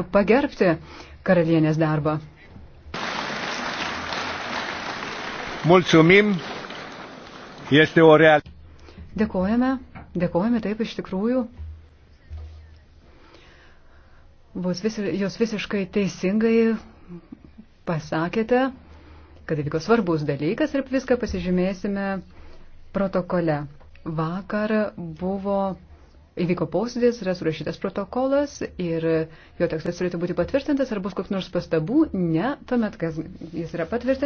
pagerbti karalienės darbą. Mulțumim, este o real. Dėkojame, dėkojame taip iš tikrųjų. Bus vis, jūs visiškai teisingai pasakėte, kad įvyko svarbus dalykas ir viską pasižymėsime protokole. Vakar buvo įvyko posėdis, yra surašytas protokolas ir jo tekstas turėtų būti patvirtintas, ar bus koks nors pastabų, ne, tuomet, kas jis yra patvirtintas.